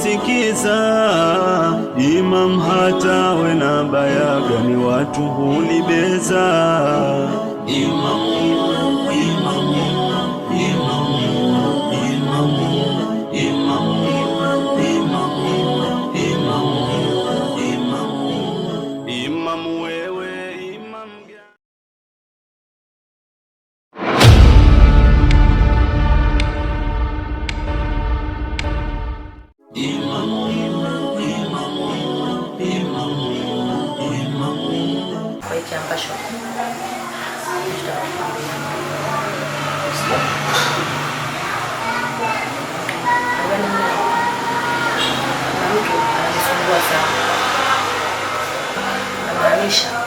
kunisikiza, Imam hata we na bayaga ni watu hulibeza Imam 我给你说，我给你说，你是不是？那你想？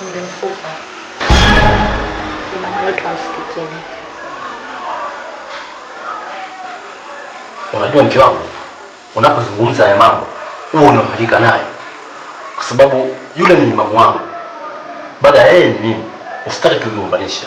ukumbi mfupa watu wasikitini. Unajua mke wangu, unapozungumza haya mambo huo unamhalika nayo, kwa sababu yule ni mama wangu, baada ya yeye ni mimi, usitaki tugombanisha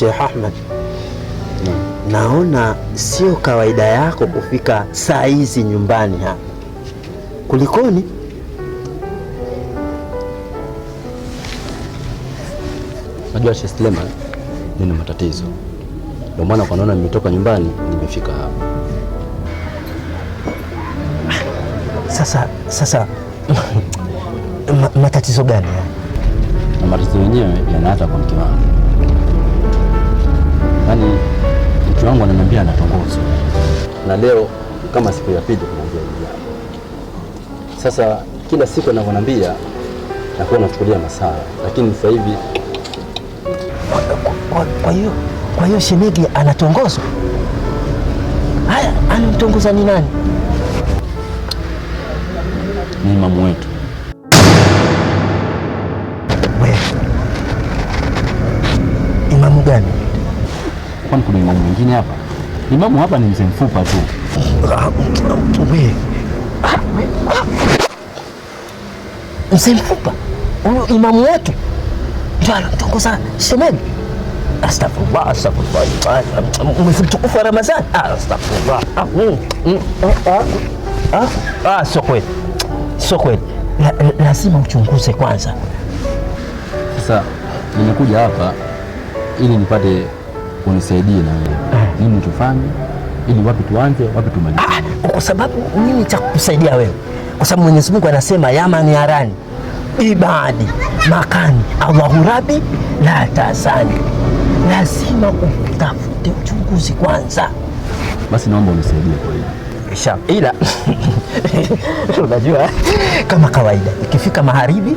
Sheikh Ahmed, naona sio kawaida yako kufika saa hizi nyumbani hapa, kulikoni? Najua Sheikh Sleman, nina matatizo, ndio maana kwa naona nimetoka nyumbani nimefika hapa. Sasa sasa matatizo gani? Na matatizo yenyewe yanaata kwa mke wangu na leo kama siku ya pili kunaambia hivi. Sasa kila siku anavyonambia nakuwa nachukulia masara, lakini sasa hivi kwa hiyo kwa hiyo shemegi anatongozwa. Haya, anamtongoza ni nani? Ni mamu wetu. imamu gani? Kwani kuna imamu mwingine hapa? Imamu hapa ni mzee mfupa tu. Mzee mfupa huyu imamu wetu ndio anamtongoza shemeji. Astaghfirullah, astaghfirullah. Mwezi mtukufu wa Ramadhani. Ah, astaghfirullah. Ah, mm, mm, mm, ah, ah, sio kweli, sio kweli. Lazima uchunguze kwanza. Sasa nimekuja hapa ili nipate unisaidie na wewe nini tufanye, ili wapi tuanze, wapi tumalize. Ah, ah kwa sababu mimi cha kukusaidia wewe, kwa sababu Mwenyezi Mungu anasema yamani arani ibadi makani Allahu rabi la tasani, lazima utafute uchunguzi kwanza. Basi naomba unisaidie kwa hiyo kisha, ila unajua kama kawaida ikifika magharibi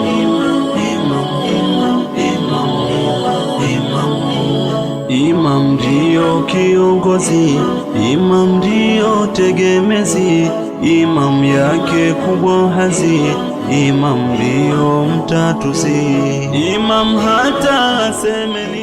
ndio kiongozi, imam ndio tegemezi, imam yake kubwa hazi, imam ndio mtatuzi, imam hata asemeni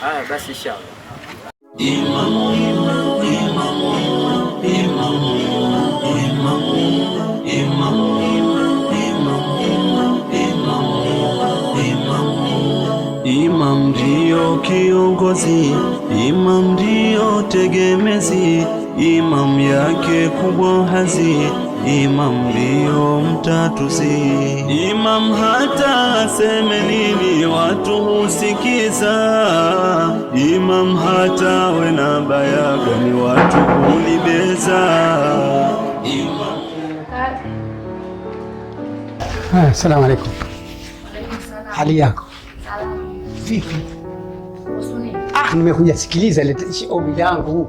Haya basi, inshallah. Imamu, imamu, imamu, imamu, imamu, imamu. Imam ndiyo kiongozi, imam ndiyo tegemezi, imam yake kubwa hazi Imam ndiyo mtatuzi Imam hata aseme nini watu husikiza. Imam hata we na baya gani watu hulibeza. Assalamu alaikum. Hali yako vipi? Ah, nimekuja sikiliza ile ombi langu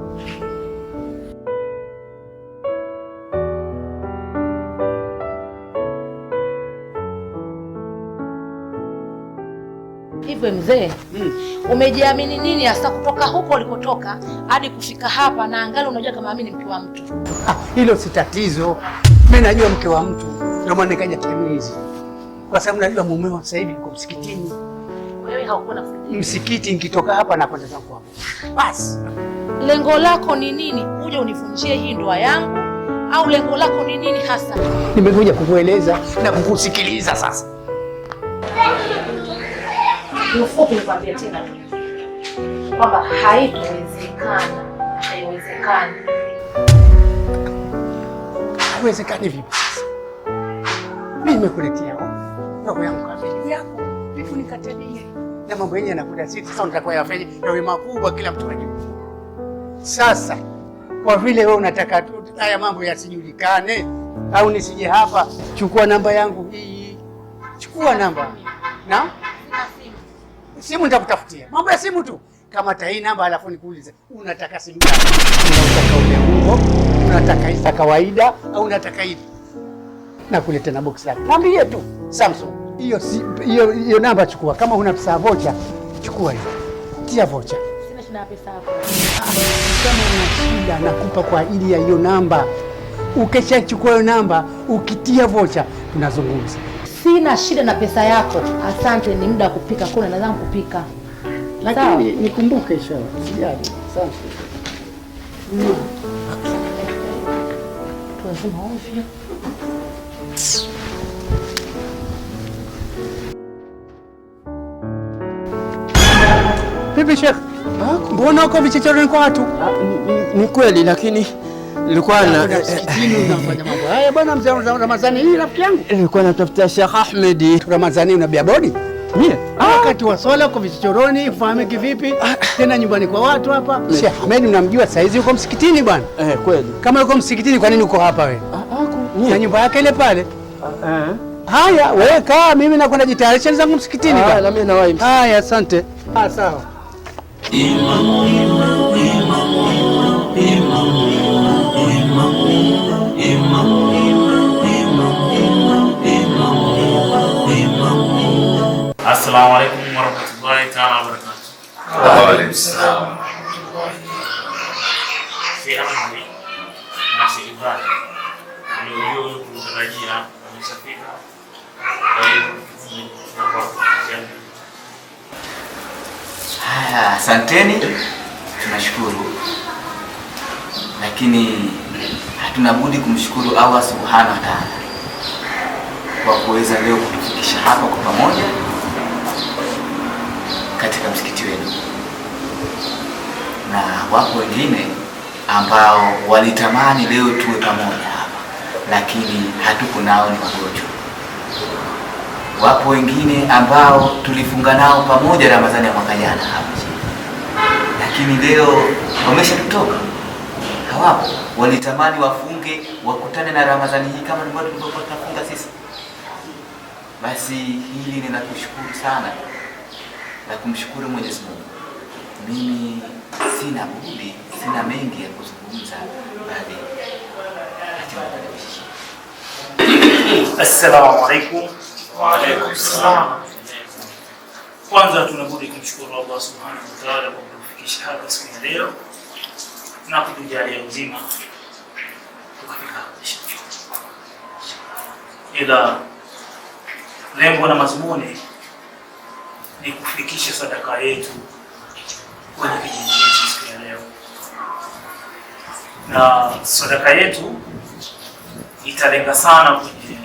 Vipi mzee, mm. umejiamini nini hasa kutoka huko ulikotoka hadi kufika hapa, na angali unajua kama mimi ni mke wa mtu? Ah, hilo si tatizo, mimi najua mke wa mtu, ndio maana nikaja hizi, kwa sababu najua mumeo sasa hivi yuko msikitini. Wewe haukuna msikiti, nikitoka hapa na kwenda zangu hapo. Basi lengo lako ni nini? Uje univunjie hii ndoa yangu, au lengo lako ni nini hasa? Nimekuja kukueleza na kukusikiliza sasa ufupi nikwambie tena kwamba haitowezekana, haiwezekani. Haiwezekani vipi sasa? Mimi nimekuletea roho yangu kamili yako vipi nikatalie? Na mambo yenyewe yanakuja sisi sasa, nitakuwa yafanye yawe makubwa, kila mtu ajue. Sasa kwa vile wewe unataka tu haya mambo yasijulikane au nisije hapa, chukua namba yangu hii, chukua namba na simu nitakutafutia mambo ya simu tu, kama tai namba, alafu nikuulize unataka simu gani? Unataka ule unataka isa kawaida au unataka hivi? Nakuleta na box lake, niambie tu Samsung. Hiyo hiyo hiyo namba chukua, kama una pesa vocha chukua hiyo, tia vocha. Sina Kama una shida nakupa kwa ajili ya hiyo namba. Ukishachukua hiyo namba, ukitia vocha tunazungumza. Sina shida na pesa yako, asante. Ni muda wa kupika, kuna nadhani kupika, lakini nikumbuke inshallah. Sijali, asante. Tunasema ovyo. Vipi Sheikh, ah, mbona uko vichochoroni kwa watu? Ah, ni kweli lakini nilikuwa na msikitini unafanya mambo haya bwana mzee wa Ramadhani, hii rafiki yangu eh, nilikuwa natafuta Sheikh Ahmed. Ramadhani, unabia biabodi mie ah! wakati wa swala kwa vichochoroni, fahamiki vipi ah! tena nyumbani kwa watu hapa. Sheikh Ahmed mnamjua hizi uko msikitini bwana. Eh, kweli kama uko msikitini, kwa nini uko hapa wewe Ah, ako. Ah, na nyumba yake ile pale? Eh. Haya, wewe kaa, mimi nakwenda jitayarisha zangu msikitini bwana. Na mimi na wewe. Haya, asante. Ah, sawa. Imamu, imamu, imamu, imamu, imamu. Assalamu alaikum warahmatullahi taala wabarakatuh. Wa alaikum salaam warahmatullahi fi nasi ibada asanteni, tunashukuru, lakini hatuna budi kumshukuru Allah subhanahu wa taala kwa kuweza leo kutufikisha hapa kwa pamoja katika msikiti wenu, na wapo wengine ambao walitamani leo tuwe pamoja hapa, lakini hatuko nao, ni wagonjwa. Wapo wengine ambao tulifunga nao pamoja Ramadhani ya mwaka jana hapa, lakini leo wameshatutoka, hawapo. Walitamani wafunge wakutane na Ramadhani hii kama tulivyokuwa tunafunga sisi. Basi hili ninakushukuru sana la kumshukuru Mwenyezi Mungu. Mimi sina budi, sina mengi ya kuzungumza bali Assalamu alaykum. Wa alaykum salaam. Kwanza tunabudi kumshukuru Allah subhanahu wa ta'ala kwa kutufikisha hapa siku ya leo na kutujalia uzima ila lengo na mazumuni ni kufikisha sadaka yetu kwenye kijiji chetu siku ya leo, na sadaka yetu italenga sana kwenye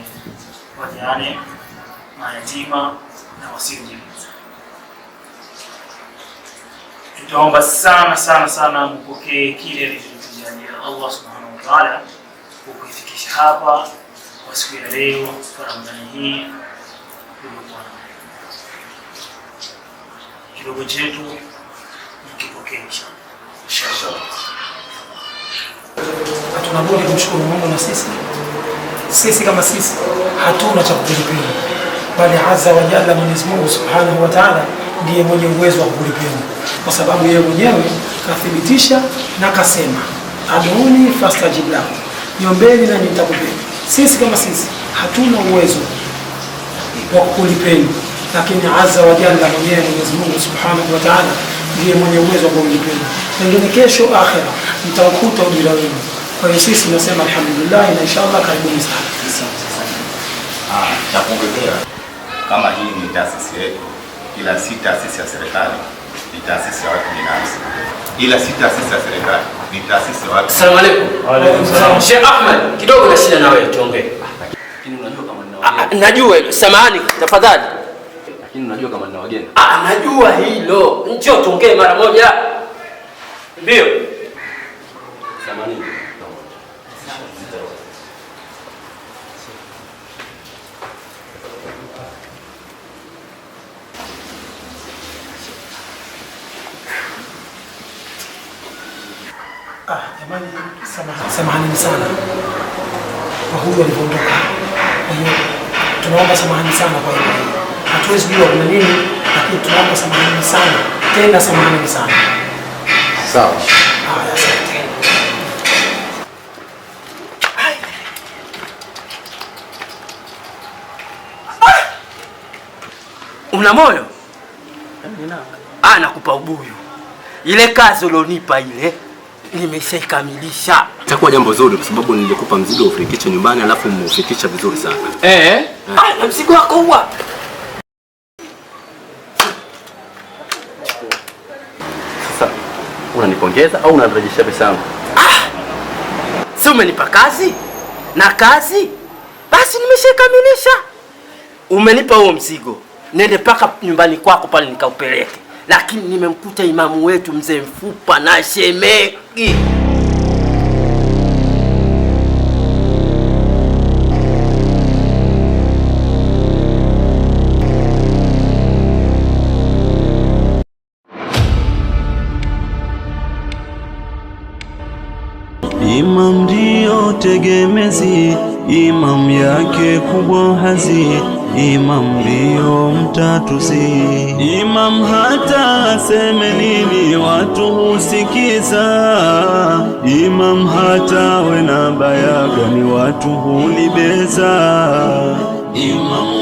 wajane, mayatima na wasiojiweza. Tutaomba sana sana sana mpokee kile alichotujalia Allah subhanahu wa ta'ala kukuifikisha hapa kwa siku ya leo kwa Ramadhani hii kidogo chetu mkipokee inshallah. Hatuna kumshukuru Mungu, na sisi sisi kama sisi hatuna cha kupilipili, bali azza wa jalla Mwenyezi Mungu subhanahu wa taala ndiye mwenye uwezo wa kukulipeni kwa sababu yeye mwenyewe kathibitisha na kasema, aduni fastajib lakum, niombeni na nitakupeni. Sisi kama sisi hatuna uwezo wa kukulipeni lakini azza wa jalla mwenyewe Mwenyezi Mungu subhanahu wa taala ndiye mwenye uwezo wa kulipiza. Pengine kesho akhera mtakuta ujira wenu. Kwa hiyo sisi nasema alhamdulillah na inshallah, karibuni sana. Cha ah, kuongezea kama hii ni taasisi yetu, ila si taasisi ya serikali, ni taasisi ya watu binafsi, ila si taasisi ya serikali, ni taasisi ya watu. Asalamu alaykum. Wa alaykum Sheikh Ahmed, kidogo na shida na wewe tuongee. Lakini unajua kama ninaongea. Ah, najua, samahani tafadhali. Lakini unajua kama nina wageni. Ah, najua hilo. Njoo tuongee mara moja. Ndio. Samani. Ah, jamani, samahani, samahani sana kwa huyu alivyoondoka. Kwa hiyo tunaomba samahani sana kwa hiyo hatuwezi jua kuna nini, lakini tunaomba samahani sana tena, samahani sana. Sawa. Ah! Una moyo? Ah, nakupa ubuyu. Ile kazi ulionipa ile nimeshaikamilisha. Itakuwa jambo zuri kwa sababu nilikupa mzigo ufikishe nyumbani alafu muufikisha vizuri sana. Eh? eh. Ah, mzigo wako huo. unanipongeza au unanirejesha pesa yangu? Ah! Si umenipa kazi na kazi, basi nimeshakamilisha. Umenipa huo mzigo, nende mpaka nyumbani kwako pale nikaupeleke, lakini nimemkuta imamu wetu mzee Mfupa na Shemeki tegemezi, imam yake kubwa hazi, imam ndiyo mtatuzi. Imam hata aseme nini watu husikiza, imam hata we na bayaga ni watu hulibeza imam